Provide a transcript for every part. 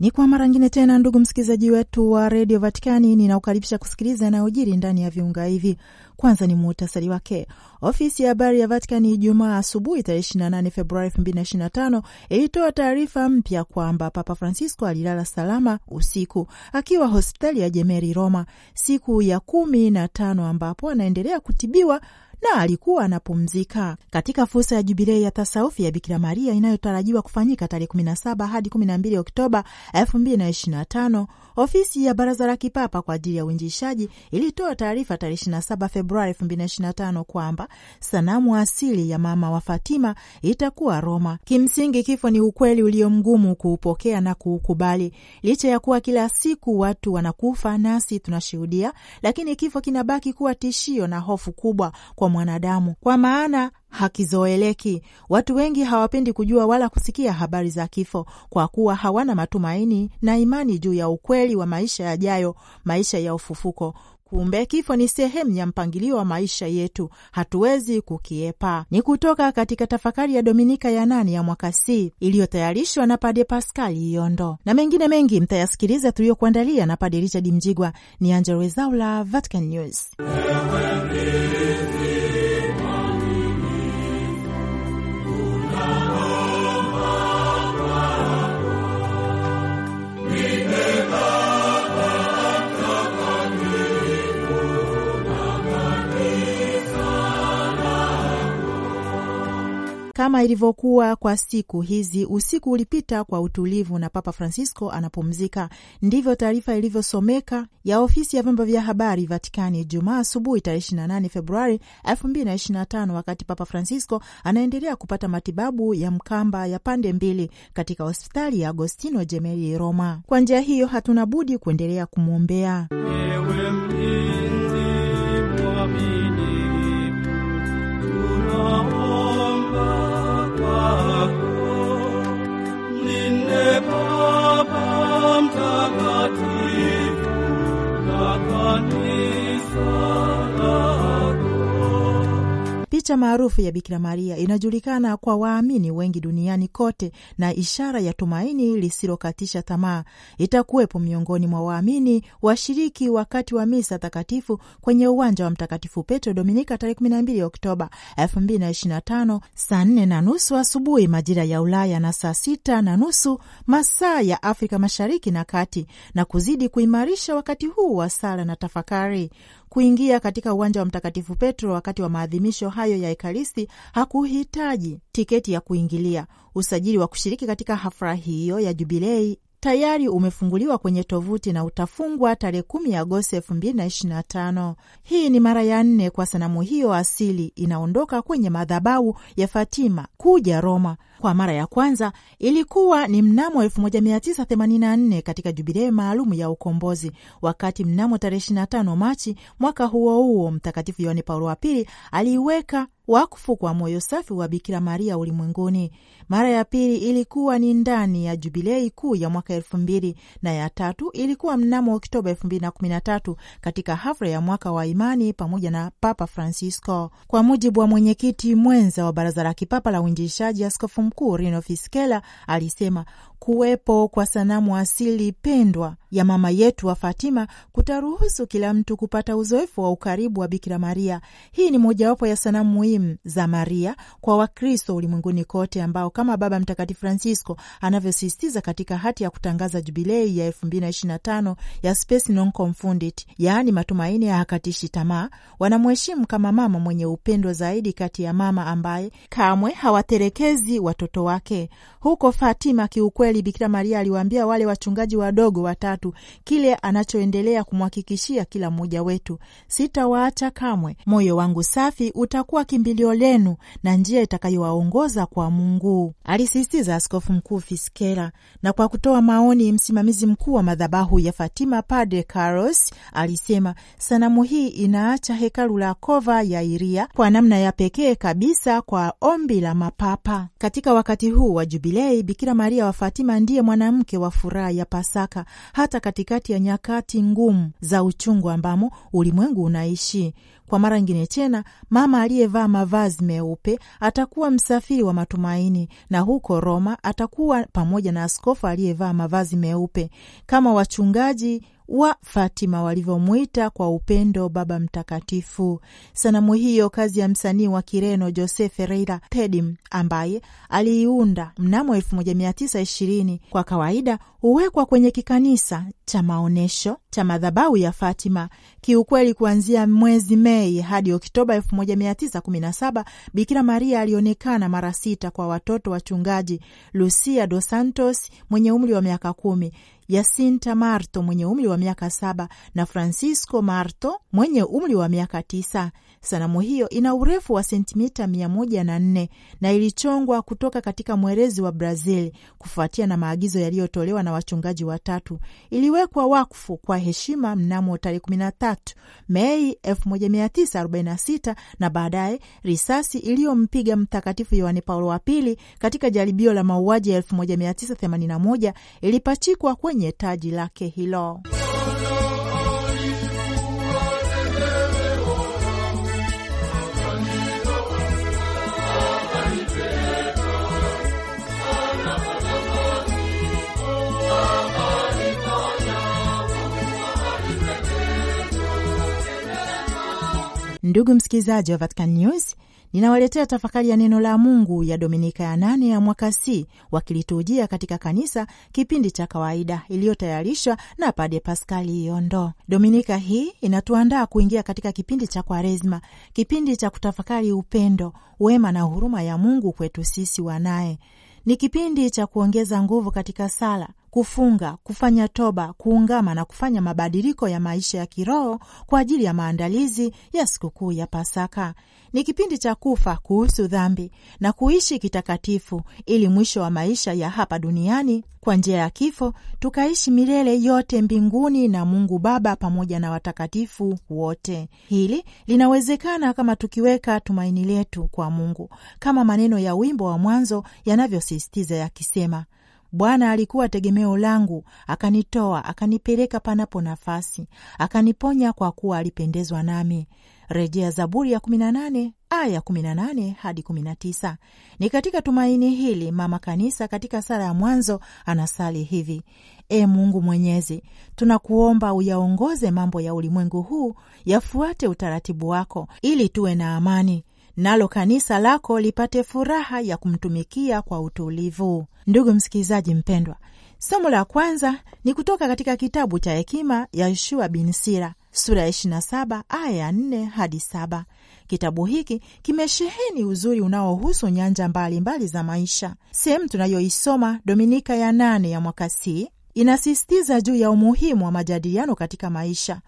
Ni kwa mara nyingine tena, ndugu msikilizaji wetu wa redio Vatikani, ninaukaribisha kusikiliza yanayojiri ndani ya viunga hivi. Kwanza ni muhtasari wake. Ofisi ya habari ya Vatikani Ijumaa asubuhi tarehe 28 Februari 2025 ilitoa taarifa mpya kwamba Papa Francisco alilala salama usiku akiwa hospitali ya Jemeri Roma siku ya kumi na tano ambapo anaendelea kutibiwa na alikuwa anapumzika. Katika fursa ya jubilei ya tasaufi ya Bikira Maria inayotarajiwa kufanyika tarehe 17 hadi 12 Oktoba 2025, ofisi ya Baraza la Kipapa kwa ajili ya Uinjishaji ilitoa taarifa tarehe 27 Februari 2025 kwamba sanamu asili ya mama wa Fatima itakuwa Roma. Kimsingi, kifo ni ukweli ulio mgumu kuupokea na kuukubali, licha ya kuwa kila siku watu wanakufa nasi tunashuhudia, lakini kifo kinabaki kuwa tishio na hofu kubwa kwa mwanadamu, kwa maana hakizoeleki. Watu wengi hawapendi kujua wala kusikia habari za kifo, kwa kuwa hawana matumaini na imani juu ya ukweli wa maisha yajayo, maisha ya ufufuko. Kumbe kifo ni sehemu ya mpangilio wa maisha yetu, hatuwezi kukiepa. Ni kutoka katika tafakari ya Dominika ya nane ya mwaka C iliyotayarishwa na Pade Paskali iyondo na mengine mengi mtayasikiliza tuliyokuandalia na Pade Richard Mjigwa. Ni Angella Rwezaula, Vatican News. Kama ilivyokuwa kwa siku hizi, usiku ulipita kwa utulivu na Papa Francisco anapumzika. Ndivyo taarifa ilivyosomeka ya ofisi ya vyombo vya habari Vatikani Jumaa asubuhi tarehe 28 Februari 2025 wakati Papa Francisco anaendelea kupata matibabu ya mkamba ya pande mbili katika hospitali ya Agostino Gemelli Roma. Kwa njia hiyo hatuna budi kuendelea kumwombea. Picha maarufu ya Bikira Maria inajulikana kwa waamini wengi duniani kote, na ishara ya tumaini lisilokatisha tamaa itakuwepo miongoni mwa waamini washiriki wakati wa misa takatifu kwenye uwanja wa Mtakatifu Petro Dominika tarehe 12 Oktoba 2025 saa 4 na nusu asubuhi majira ya Ulaya na saa sita na nusu masaa ya Afrika Mashariki na Kati, na kuzidi kuimarisha wakati huu wa sala na tafakari. Kuingia katika uwanja wa Mtakatifu Petro wakati wa maadhimisho hayo ya Ekaristi hakuhitaji tiketi ya kuingilia. Usajili wa kushiriki katika hafla hiyo ya Jubilei tayari umefunguliwa kwenye tovuti na utafungwa tarehe kumi Agosti tano. Hii ni mara ya nne kwa sanamu hiyo asili inaondoka kwenye madhabahu ya Fatima kuja Roma kwa mara ya kwanza ilikuwa ni mnamo 1984 katika jubilei maalum ya ukombozi, wakati mnamo tarehe 25 Machi mwaka huo huo Mtakatifu Yohane Paulo wa Pili aliiweka wakfu kwa moyo safi wa Bikira Maria ulimwenguni. Mara ya pili ilikuwa ni ndani ya jubilei kuu ya mwaka elfu mbili na ya tatu ilikuwa mnamo Oktoba elfu mbili na kumi na tatu katika hafla ya mwaka wa imani pamoja na Papa Francisco. Kwa mujibu wa mwenyekiti mwenza wa Baraza la Kipapa la Uinjilishaji, Askofu mkuu Rino Fisichella alisema kuwepo kwa sanamu asili pendwa ya mama yetu wa Fatima kutaruhusu kila mtu kupata uzoefu wa ukaribu wa Bikira Maria. Hii ni mojawapo ya sanamu muhimu za Maria kwa Wakristo ulimwenguni kote, ambao kama Baba Mtakatifu Francisco anavyosisitiza katika hati ya kutangaza jubilei ya 2025 ya Spes Non Confundit, yaani matumaini ya hakatishi tamaa, wanamheshimu kama mama mwenye upendo zaidi kati ya mama ambaye kamwe hawaterekezi watoto wake. Huko Fatima kiukwe kweli Bikira Maria aliwaambia wale wachungaji wadogo watatu kile anachoendelea kumhakikishia kila mmoja wetu: sitawaacha kamwe, moyo wangu safi utakuwa kimbilio lenu na njia itakayowaongoza kwa Mungu, alisisitiza Askofu Mkuu Fiskera. Na kwa kutoa maoni, msimamizi mkuu wa madhabahu ya Fatima, Padre Carlos, alisema sanamu hii inaacha hekalu la kova ya Iria kwa namna ya pekee kabisa kwa ombi la mapapa katika wakati huu wa Jubilei. Bikira Maria wa Fatima Fatima ndiye mwanamke wa furaha ya Pasaka, hata katikati ya nyakati ngumu za uchungu ambamo ulimwengu unaishi. Kwa mara ingine tena, mama aliyevaa mavazi meupe atakuwa msafiri wa matumaini, na huko Roma atakuwa pamoja na askofu aliyevaa mavazi meupe kama wachungaji wa Fatima walivyomwita kwa upendo Baba Mtakatifu. Sanamu hiyo kazi ya msanii wa Kireno Jose Ferreira Tedim ambaye aliiunda mnamo 1920 kwa kawaida huwekwa kwenye kikanisa cha maonyesho cha madhabahu ya Fatima. Kiukweli, kuanzia mwezi Mei hadi Oktoba 1917 Bikira Maria alionekana mara sita kwa watoto wachungaji Lucia dos Santos mwenye umri wa miaka kumi, Yasinta Marto mwenye umri wa miaka saba na Francisco Marto mwenye umri wa miaka tisa. Sanamu hiyo ina urefu wa sentimita mia moja na nne na ilichongwa kutoka katika mwerezi wa Brazil kufuatia na maagizo yaliyotolewa na wachungaji watatu. Iliwekwa wakfu kwa heshima mnamo tarehe 13 Mei 1946 na baadaye risasi iliyompiga Mtakatifu Yohane Paulo wa Pili katika jaribio la mauaji ya 1981 ilipachikwa kwenye taji lake hilo. Ndugu msikilizaji wa Vatican News, ninawaletea tafakari ya neno la Mungu ya Dominika ya nane ya mwaka C wa kiliturujia katika kanisa, kipindi cha kawaida, iliyotayarishwa na Pade Paskali Yondo. Dominika hii inatuandaa kuingia katika kipindi cha Kwaresma, kipindi cha kutafakari upendo, wema na huruma ya Mungu kwetu sisi wanaye. Ni kipindi cha kuongeza nguvu katika sala kufunga, kufanya toba, kuungama na kufanya mabadiliko ya maisha ya kiroho kwa ajili ya maandalizi ya sikukuu ya Pasaka. Ni kipindi cha kufa kuhusu dhambi na kuishi kitakatifu, ili mwisho wa maisha ya hapa duniani kwa njia ya kifo tukaishi milele yote mbinguni na Mungu Baba pamoja na watakatifu wote. Hili linawezekana kama tukiweka tumaini letu kwa Mungu, kama maneno ya wimbo wa mwanzo yanavyosisitiza yakisema Bwana alikuwa tegemeo langu, akanitoa akanipeleka panapo nafasi, akaniponya kwa kuwa alipendezwa nami. Rejea Zaburi ya 18 aya kumi hadi 19. Ni katika tumaini hili mama kanisa katika sala ya mwanzo anasali hivi: E Mungu Mwenyezi, tunakuomba uyaongoze mambo ya ulimwengu huu yafuate utaratibu wako, ili tuwe na amani nalo kanisa lako lipate furaha ya kumtumikia kwa utulivu. Ndugu msikilizaji mpendwa, somo la kwanza ni kutoka katika kitabu cha Hekima ya Yoshua bin Sira sura ya 27 aya ya 4 hadi Kitabu hiki kimesheheni uzuri unaohusu nyanja mbalimbali mbali za maisha. Sehemu tunayoisoma Dominika ya 8 ya mwaka C inasisitiza juu ya umuhimu wa majadiliano katika maisha,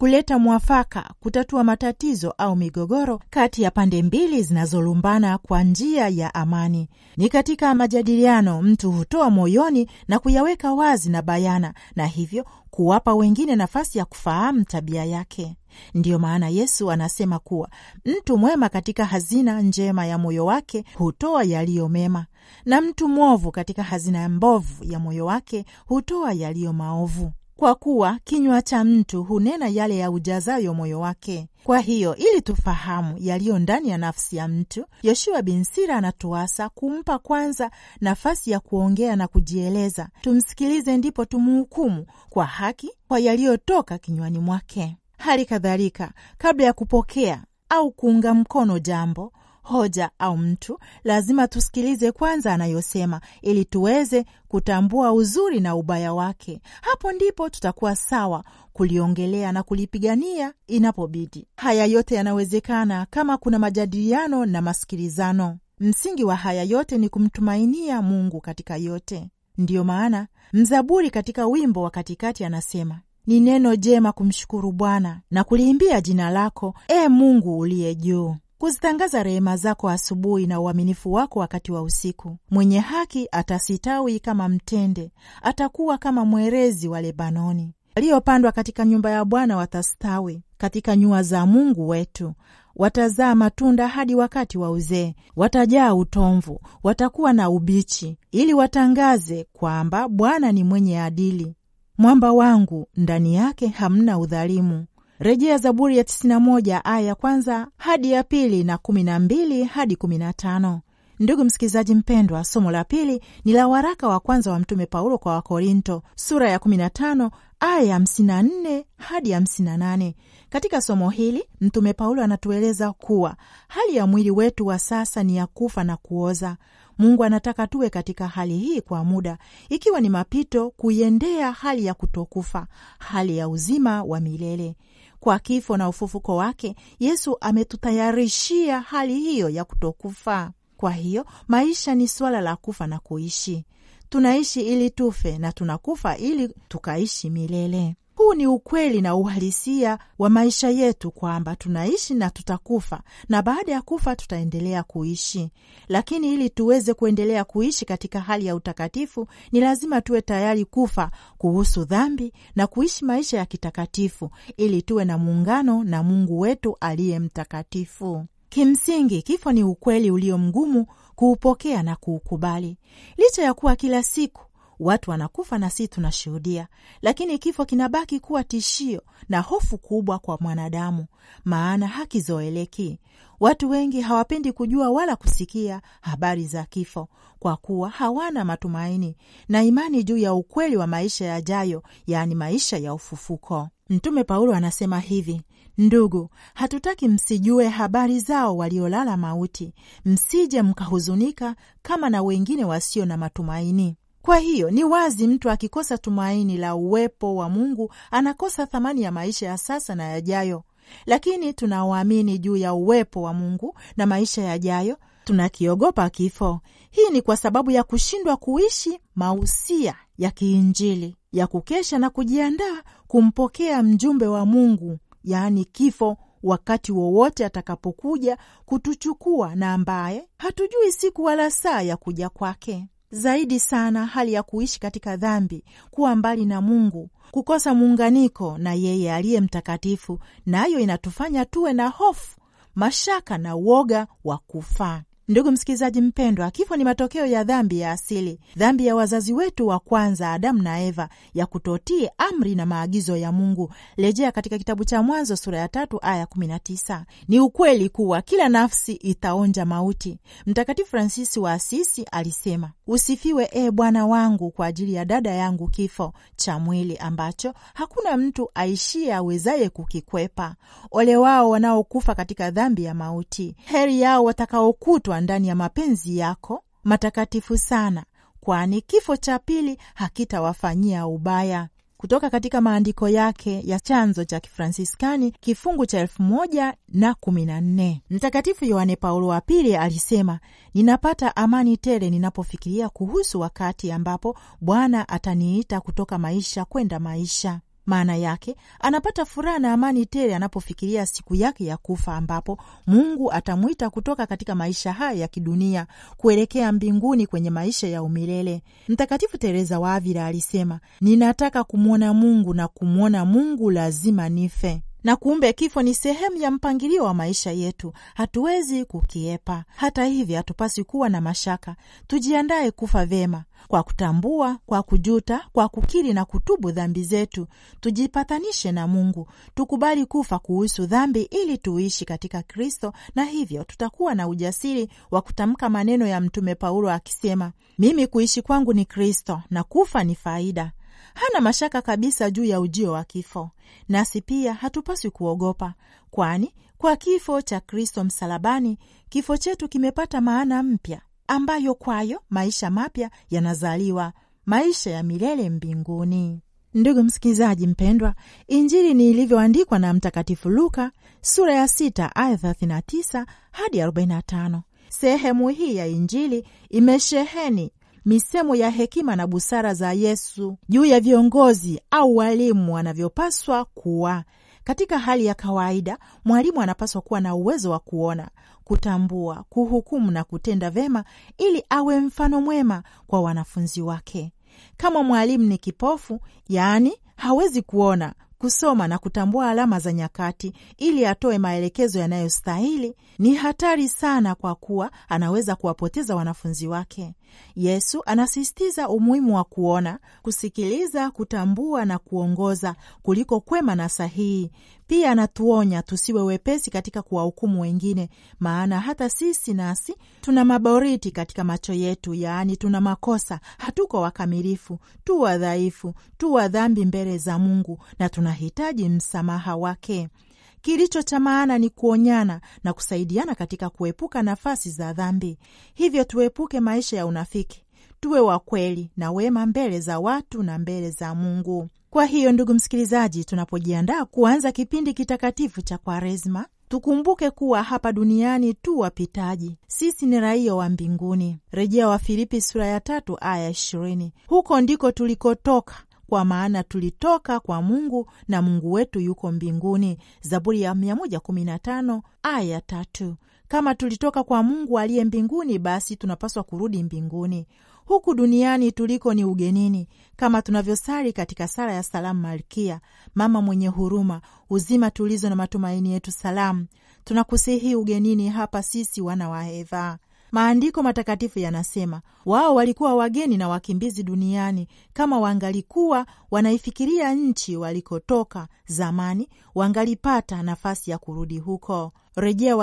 kuleta mwafaka, kutatua matatizo au migogoro kati ya pande mbili zinazolumbana kwa njia ya amani. Ni katika majadiliano mtu hutoa moyoni na kuyaweka wazi na bayana, na hivyo kuwapa wengine nafasi ya kufahamu tabia yake. Ndiyo maana Yesu anasema kuwa mtu mwema katika hazina njema ya moyo wake hutoa yaliyo mema, na mtu mwovu katika hazina mbovu ya moyo wake hutoa yaliyo maovu kwa kuwa kinywa cha mtu hunena yale ya ujazayo moyo wake. Kwa hiyo ili tufahamu yaliyo ndani ya nafsi ya mtu, Yoshua bin Sira anatuasa kumpa kwanza nafasi ya kuongea na kujieleza. Tumsikilize, ndipo tumuhukumu kwa haki kwa yaliyotoka kinywani mwake. Hali kadhalika, kabla ya kupokea au kuunga mkono jambo, hoja au mtu, lazima tusikilize kwanza anayosema, ili tuweze kutambua uzuri na ubaya wake. Hapo ndipo tutakuwa sawa kuliongelea na kulipigania inapobidi. Haya yote yanawezekana kama kuna majadiliano na masikilizano. Msingi wa haya yote ni kumtumainia Mungu katika yote. Ndiyo maana mzaburi katika wimbo wa katikati anasema ni neno jema kumshukuru Bwana na kuliimbia jina lako, e Mungu uliye juu kuzitangaza rehema zako asubuhi na uaminifu wako wakati wa usiku. Mwenye haki atasitawi kama mtende, atakuwa kama mwerezi wa Lebanoni. Waliopandwa katika nyumba ya Bwana watastawi katika nyua za Mungu wetu watazaa matunda hadi wakati wa uzee, watajaa utomvu, watakuwa na ubichi, ili watangaze kwamba Bwana ni mwenye adili, mwamba wangu, ndani yake hamna udhalimu. Rejea Zaburi ya 91 aya ya kwanza hadi ya pili na 12 hadi 15. Ndugu msikilizaji mpendwa, somo la pili ni la waraka wa kwanza wa Mtume Paulo kwa Wakorinto sura ya 15 aya ya 54 hadi 58. Katika somo hili Mtume Paulo anatueleza kuwa hali ya mwili wetu wa sasa ni ya kufa na kuoza. Mungu anataka tuwe katika hali hii kwa muda, ikiwa ni mapito, kuiendea hali ya kutokufa, hali ya uzima wa milele. Kwa kifo na ufufuko wake, Yesu ametutayarishia hali hiyo ya kutokufa. Kwa hiyo maisha ni suala la kufa na kuishi. Tunaishi ili tufe na tunakufa ili tukaishi milele. Huu ni ukweli na uhalisia wa maisha yetu kwamba tunaishi na tutakufa, na baada ya kufa tutaendelea kuishi. Lakini ili tuweze kuendelea kuishi katika hali ya utakatifu, ni lazima tuwe tayari kufa kuhusu dhambi na kuishi maisha ya kitakatifu, ili tuwe na muungano na Mungu wetu aliye mtakatifu. Kimsingi, kifo ni ukweli ulio mgumu kuupokea na kuukubali, licha ya kuwa kila siku Watu wanakufa na si tunashuhudia, lakini kifo kinabaki kuwa tishio na hofu kubwa kwa mwanadamu, maana hakizoeleki. Watu wengi hawapendi kujua wala kusikia habari za kifo kwa kuwa hawana matumaini na imani juu ya ukweli wa maisha yajayo, yaani maisha ya ufufuko. Mtume Paulo anasema hivi: Ndugu, hatutaki msijue habari zao waliolala mauti, msije mkahuzunika kama na wengine wasio na matumaini. Kwa hiyo ni wazi, mtu akikosa tumaini la uwepo wa Mungu anakosa thamani ya maisha ya sasa na yajayo. Lakini tunaoamini juu ya uwepo wa Mungu na maisha yajayo tunakiogopa kifo. Hii ni kwa sababu ya kushindwa kuishi mausia ya kiinjili ya kukesha na kujiandaa kumpokea mjumbe wa Mungu, yaani kifo, wakati wowote atakapokuja kutuchukua na ambaye hatujui siku wala saa ya kuja kwake zaidi sana hali ya kuishi katika dhambi, kuwa mbali na Mungu, kukosa muunganiko na yeye aliye mtakatifu, nayo na inatufanya tuwe na hofu, mashaka na uoga wa kufaa. Ndugu msikilizaji mpendwa, kifo ni matokeo ya dhambi ya asili, dhambi ya wazazi wetu wa kwanza Adamu na Eva ya kutotii amri na maagizo ya Mungu. Rejea katika kitabu cha Mwanzo sura ya tatu aya kumi na tisa. Ni ukweli kuwa kila nafsi itaonja mauti. Mtakatifu Fransisi wa Asisi alisema, usifiwe e Bwana wangu kwa ajili ya dada yangu kifo cha mwili ambacho hakuna mtu aishie awezaye kukikwepa. Ole wao wanaokufa katika dhambi ya mauti, heri yao watakaokutwa ndani ya mapenzi yako matakatifu sana, kwani kifo cha pili hakitawafanyia ubaya. Kutoka katika maandiko yake ya chanzo cha Kifransiskani kifungu cha elfu moja na kumi na nne Mtakatifu Yohane Paulo wa Pili alisema, ninapata amani tele ninapofikiria kuhusu wakati ambapo Bwana ataniita kutoka maisha kwenda maisha. Maana yake anapata furaha na amani tele anapofikiria siku yake ya kufa, ambapo Mungu atamwita kutoka katika maisha haya ya kidunia kuelekea mbinguni kwenye maisha ya umilele. Mtakatifu Teresa wa Avila alisema, ninataka kumwona Mungu na kumwona Mungu lazima nife na kumbe kifo ni sehemu ya mpangilio wa maisha yetu, hatuwezi kukiepa. Hata hivyo, hatupasi kuwa na mashaka. tujiandaye kufa vyema kwa kutambua, kwa kujuta, kwa kukiri na kutubu dhambi zetu. Tujipatanishe na Mungu, tukubali kufa kuhusu dhambi ili tuishi katika Kristo, na hivyo tutakuwa na ujasiri wa kutamka maneno ya Mtume Paulo akisema, mimi kuishi kwangu ni Kristo na kufa ni faida hana mashaka kabisa juu ya ujio wa kifo. Nasi pia hatupaswi kuogopa, kwani kwa kifo cha Kristo msalabani, kifo chetu kimepata maana mpya ambayo kwayo maisha mapya yanazaliwa, maisha ya milele mbinguni. Ndugu msikilizaji mpendwa, Injili ni ilivyoandikwa na Mtakatifu Luka sura ya 6 aya 39 hadi 45. Sehemu hii ya Injili imesheheni misemo ya hekima na busara za Yesu juu ya viongozi au walimu wanavyopaswa kuwa. Katika hali ya kawaida, mwalimu anapaswa kuwa na uwezo wa kuona, kutambua, kuhukumu na kutenda vema ili awe mfano mwema kwa wanafunzi wake. Kama mwalimu ni kipofu, yaani hawezi kuona kusoma na kutambua alama za nyakati ili atoe maelekezo yanayostahili, ni hatari sana, kwa kuwa anaweza kuwapoteza wanafunzi wake. Yesu anasisitiza umuhimu wa kuona, kusikiliza, kutambua na kuongoza kuliko kwema na sahihi. Pia anatuonya tusiwe wepesi katika kuwahukumu wengine, maana hata sisi nasi tuna maboriti katika macho yetu, yaani tuna makosa, hatuko wakamilifu, tu wadhaifu, tu wa dhambi mbele za Mungu na tunahitaji msamaha wake. Kilicho cha maana ni kuonyana na kusaidiana katika kuepuka nafasi za dhambi. Hivyo tuepuke maisha ya unafiki, tuwe wa kweli na wema mbele za watu na mbele za Mungu. Kwa hiyo, ndugu msikilizaji, tunapojiandaa kuanza kipindi kitakatifu cha Kwaresma, tukumbuke kuwa hapa duniani tu wapitaji, sisi ni raia wa mbinguni. Rejea Wafilipi sura ya tatu aya ishirini. Huko ndiko tulikotoka kwa maana tulitoka kwa Mungu na Mungu wetu yuko mbinguni. Zaburi ya 115 aya tatu. Kama tulitoka kwa Mungu aliye mbinguni, basi tunapaswa kurudi mbinguni. Huku duniani tuliko ni ugenini, kama tunavyosali katika sala ya salamu Malkia, mama mwenye huruma, uzima tulizo na matumaini yetu. Salamu tunakusihi ugenini hapa, sisi wana wa Eva. Maandiko matakatifu yanasema wao walikuwa wageni na wakimbizi duniani. Kama wangalikuwa wanaifikiria nchi walikotoka zamani, wangalipata nafasi ya kurudi huko. Rejea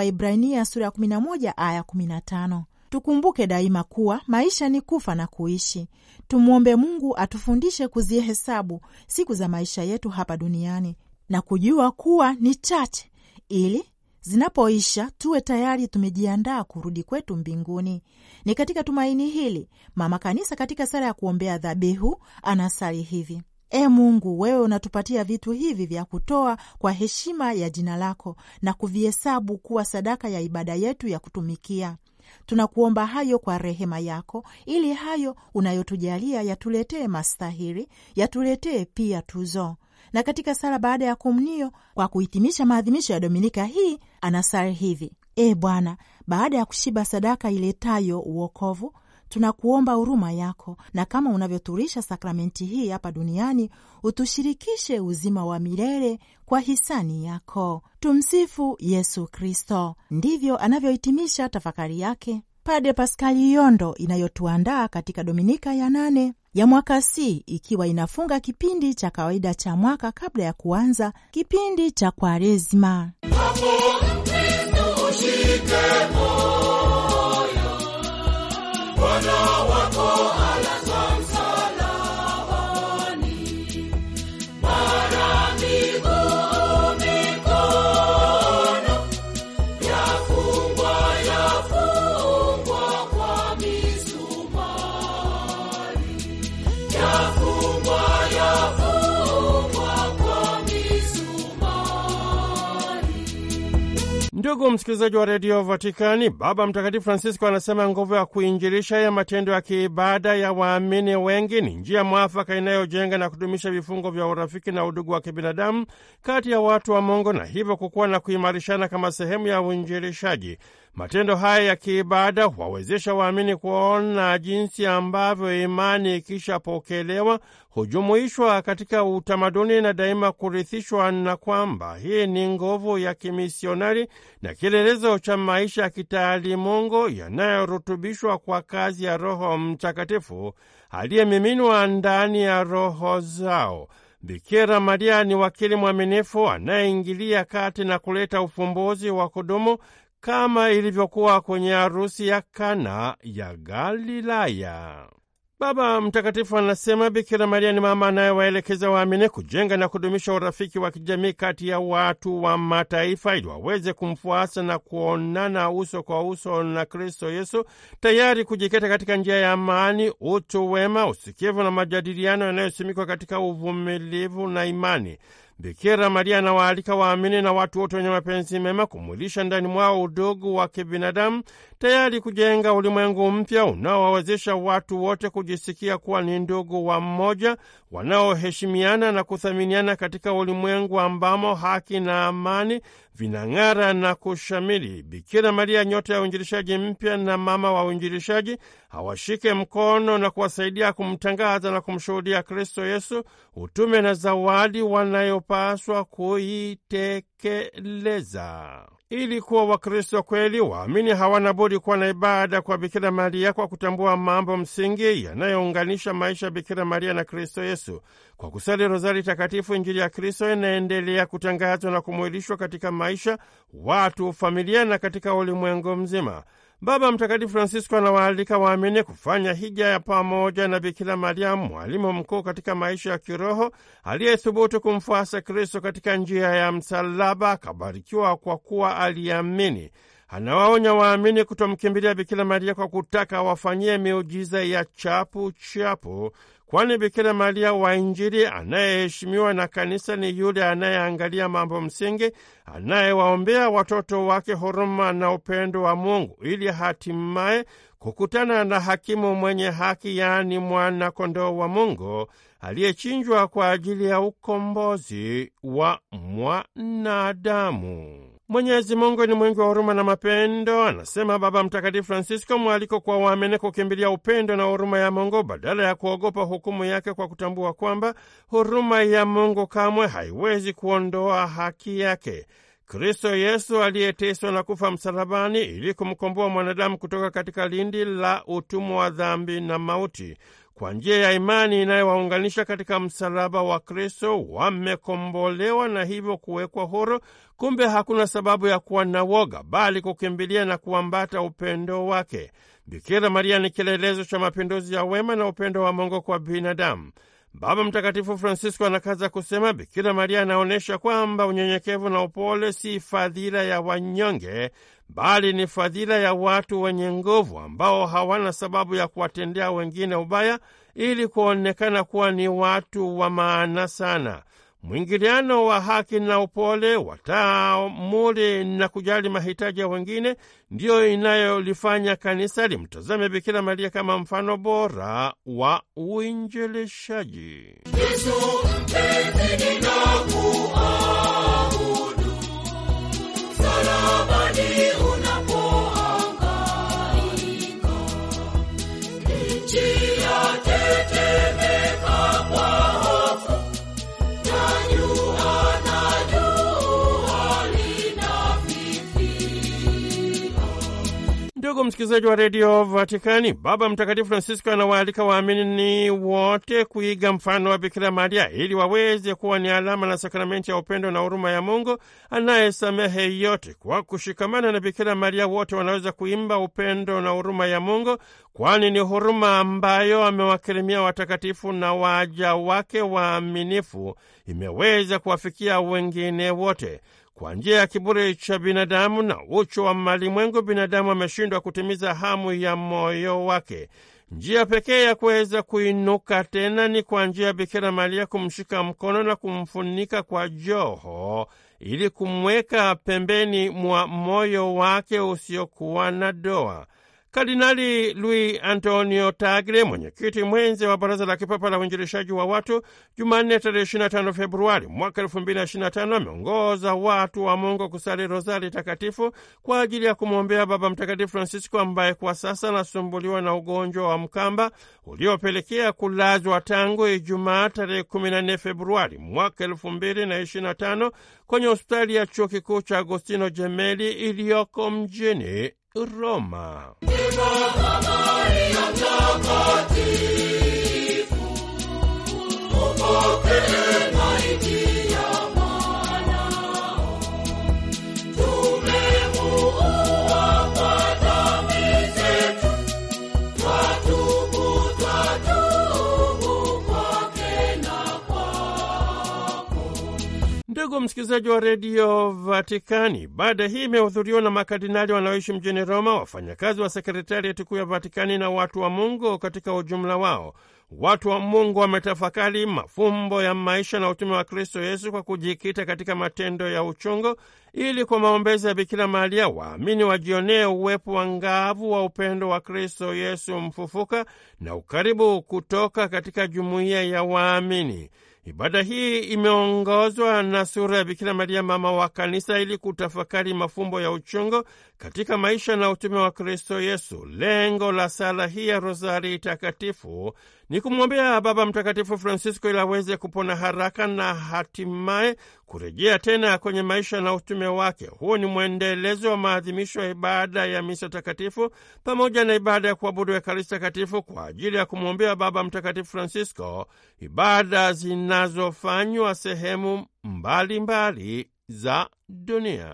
sura ya 11 aya 15. Tukumbuke daima kuwa maisha ni kufa na kuishi. Tumwombe Mungu atufundishe kuzihesabu siku za maisha yetu hapa duniani na kujua kuwa ni chache, ili Zinapoisha tuwe tayari tumejiandaa kurudi kwetu mbinguni. Ni katika tumaini hili mama kanisa katika sala ya kuombea dhabihu anasali hivi: E Mungu, wewe unatupatia vitu hivi vya kutoa kwa heshima ya jina lako na kuvihesabu kuwa sadaka ya ibada yetu ya kutumikia. Tunakuomba hayo kwa rehema yako, ili hayo unayotujalia yatuletee mastahili, yatuletee pia tuzo na katika sala baada ya kumnio kwa kuhitimisha maadhimisho ya dominika hii anasali hivi: E Bwana, baada ya kushiba sadaka iletayo uokovu tunakuomba huruma yako, na kama unavyoturisha sakramenti hii hapa duniani, utushirikishe uzima wa milele kwa hisani yako. Tumsifu Yesu Kristo. Ndivyo anavyohitimisha tafakari yake Pade Paskali Yondo inayotuandaa katika dominika ya nane ya mwaka C ikiwa inafunga kipindi cha kawaida cha mwaka kabla ya kuanza kipindi cha Kwaresima. wako Ndugu msikilizaji wa redio Vatikani, Baba Mtakatifu Francisco anasema nguvu ya kuinjilisha ya matendo ya kiibada ya waamini wengi ni njia mwafaka inayojenga na kudumisha vifungo vya urafiki na udugu wa kibinadamu kati ya watu wa Mungu na hivyo kukuwa na kuimarishana kama sehemu ya uinjilishaji. Matendo haya ya kiibada huwawezesha waamini kuona jinsi ambavyo imani ikishapokelewa hujumuishwa katika utamaduni na daima kurithishwa, na kwamba hii ni nguvu ya kimisionari na kielelezo cha maisha ya kitaalimungu yanayorutubishwa kwa kazi ya Roho Mtakatifu aliyemiminwa ndani ya roho zao. Bikira Maria ni wakili mwaminifu anayeingilia kati na kuleta ufumbuzi wa kudumu kama ilivyokuwa kwenye harusi ya Kana ya Galilaya. Baba Mtakatifu anasema Bikira Maria ni mama anayewaelekeza waamini kujenga na kudumisha urafiki wa kijamii kati ya watu wa mataifa ili waweze kumfuasa na kuonana uso kwa uso na Kristo Yesu, tayari kujiketa katika njia ya amani, utu wema, usikivu na majadiliano yanayosimikwa katika uvumilivu na imani. Bikira Maria anawaalika waamini na watu wote wenye mapenzi mema kumwilisha ndani mwao udugu wa kibinadamu, tayari kujenga ulimwengu mpya unaowawezesha watu wote kujisikia kuwa ni ndugu wa mmoja, wanaoheshimiana na kuthaminiana katika ulimwengu ambamo haki na amani vinang'ara na kushamili Bikira Maria, nyota ya uinjilishaji mpya na mama wa uinjilishaji, hawashike mkono na kuwasaidia kumtangaza na kumshuhudia Kristo Yesu, utume na zawadi wanayopaswa kuitekeleza. Ili kuwa Wakristo kweli, waamini hawana budi kuwa na ibada kwa Bikira Maria kwa kutambua mambo msingi yanayounganisha maisha ya Bikira Maria na Kristo Yesu. Kwa kusali rozari takatifu, Injili ya Kristo inaendelea kutangazwa na kumwilishwa katika maisha, watu, familia na katika ulimwengu mzima. Baba Mtakatifu Francisco anawaalika waamini kufanya hija ya pamoja na Bikira Mariamu, mwalimu mkuu katika maisha ya kiroho aliyethubutu kumfuasa Kristo katika njia ya msalaba, akabarikiwa kwa kuwa aliamini. Anawaonya waamini kutomkimbilia Bikira Maria kwa kutaka wafanyie miujiza ya chapu chapu kwani Bikira Maria wa Injili anayeheshimiwa na kanisa ni yule anayeangalia mambo msingi, anayewaombea watoto wake huruma na upendo wa Mungu ili hatimaye kukutana na hakimu mwenye haki, yaani mwana kondoo wa Mungu aliyechinjwa kwa ajili ya ukombozi wa mwanadamu. Mwenyezi Mungu ni mwingi wa huruma na mapendo, anasema Baba Mtakatifu Francisco. Mwaliko kwa waamini kukimbilia upendo na huruma ya Mungu badala ya kuogopa hukumu yake, kwa kutambua kwamba huruma ya Mungu kamwe haiwezi kuondoa haki yake. Kristo Yesu aliyeteswa na kufa msalabani ili kumkomboa mwanadamu kutoka katika lindi la utumwa wa dhambi na mauti kwa njia ya imani inayowaunganisha katika msalaba wa Kristo wamekombolewa na hivyo kuwekwa huru. Kumbe hakuna sababu ya kuwa na woga, bali kukimbilia na kuambata upendo wake. Bikira Maria ni kielelezo cha mapinduzi ya wema na upendo wa Mungu kwa binadamu. Baba Mtakatifu Francisco anakaza kusema, Bikira Maria anaonyesha kwamba unyenyekevu na upole si fadhila ya wanyonge, bali ni fadhila ya watu wenye nguvu ambao hawana sababu ya kuwatendea wengine ubaya ili kuonekana kuwa ni watu wa maana sana. Mwingiliano wa haki na upole wataa taamuli na kujali mahitaji ya wengine ndiyo inayolifanya kanisa limtazame Bikira Maria kama mfano bora wa uinjilishaji. Ndugu msikilizaji wa redio Vatikani, Baba Mtakatifu Francisco anawaalika waamini wote kuiga mfano wa Bikira Maria ili waweze kuwa ni alama na sakramenti ya upendo na huruma ya Mungu anayesamehe yote. Kwa kushikamana na Bikira Maria, wote wanaweza kuimba upendo na huruma ya Mungu, kwani ni huruma ambayo amewakirimia watakatifu na waja wake waaminifu, imeweza kuwafikia wengine wote. Kwa njia ya kiburi cha binadamu na uchu wa malimwengu, binadamu ameshindwa kutimiza hamu ya moyo wake. Njia pekee ya kuweza kuinuka tena ni kwa njia ya Bikira Maria kumshika mkono na kumfunika kwa joho ili kumweka pembeni mwa moyo wake usiokuwa na doa. Kardinali Luis Antonio Tagle, mwenyekiti mwenze wa Baraza la Kipapa la Uinjilishaji wa watu, Jumanne tarehe 25 Februari mwaka 2025, ameongoza watu wa Mungu kusali rozari takatifu kwa ajili ya kumwombea Baba Mtakatifu Francisco ambaye kwa sasa anasumbuliwa na ugonjwa wa mkamba uliopelekea kulazwa tangu Ijumaa tarehe 14 Februari mwaka 2025 kwenye hospitali ya chuo kikuu cha Agostino Jemeli iliyoko mjini Roma. Ndugu msikilizaji wa redio Vatikani, baada hii imehudhuriwa na makardinali wanaoishi mjini Roma, wafanyakazi wa sekretarieti kuu ya Vatikani na watu wa Mungu katika ujumla wao. Watu wa Mungu wametafakari mafumbo ya maisha na utume wa Kristo Yesu kwa kujikita katika matendo ya uchungu, ili kwa maombezi ya Bikira Maria waamini wajionee uwepo wa ngavu wa upendo wa Kristo Yesu mfufuka na ukaribu kutoka katika jumuiya ya waamini. Ibada hii imeongozwa na sura ya Bikira Maria, mama wa Kanisa, ili kutafakari mafumbo ya uchungu katika maisha na utume wa Kristo Yesu. Lengo la sala hii ya rosari Takatifu ni kumwombea Baba Mtakatifu Francisco ili aweze kupona haraka na hatimaye kurejea tena kwenye maisha na utume wake. Huu ni mwendelezo wa maadhimisho ya ibada ya misa takatifu pamoja na ibada ya kuabudu Ekaristi takatifu kwa ajili ya kumwombea Baba Mtakatifu Francisco, ibada zinazofanywa sehemu mbalimbali mbali za dunia.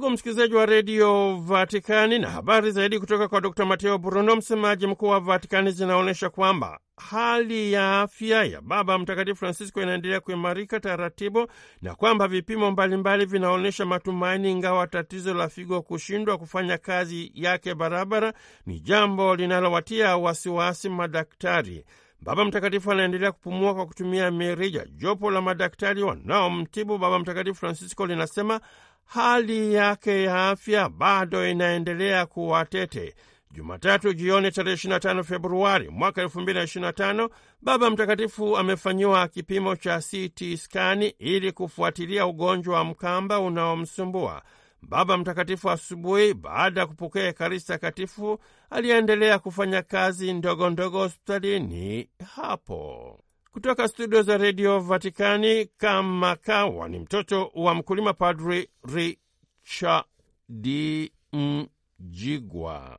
Ndugu msikilizaji wa redio Vatikani, na habari zaidi kutoka kwa Dr Mateo Bruno, msemaji mkuu wa Vatikani, zinaonyesha kwamba hali ya afya ya Baba Mtakatifu Francisco inaendelea kuimarika taratibu na kwamba vipimo mbalimbali vinaonyesha matumaini, ingawa tatizo la figo kushindwa kufanya kazi yake barabara ni jambo linalowatia wasiwasi madaktari. Baba Mtakatifu anaendelea kupumua kwa kutumia mirija. Jopo la madaktari wanaomtibu Baba Mtakatifu Francisco linasema hali yake ya afya bado inaendelea kuwa tete. Jumatatu jioni tarehe 25 Februari mwaka 2025, Baba Mtakatifu amefanyiwa kipimo cha CT skani ili kufuatilia ugonjwa wa mkamba unaomsumbua. Baba Mtakatifu asubuhi, baada ya kupokea Ekaristi Takatifu, aliendelea kufanya kazi ndogo ndogo hospitalini hapo. Kutoka studio za redio Vatikani, kama kawa ni mtoto wa mkulima, Padri Richard Mjigwa.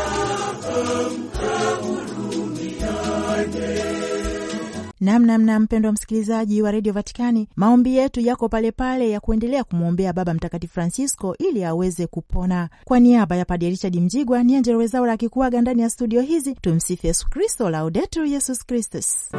namnamna Mpendwa msikilizaji wa redio Vatikani, maombi yetu yako palepale pale ya kuendelea kumwombea Baba Mtakatifu Francisco ili aweze kupona. Kwa niaba ya Padre Richard Mjigwa ni Angella Rwezaura akikuaga ndani ya studio hizi. Tumsifu Yesu Kristo, Laudetur Yesus Kristus.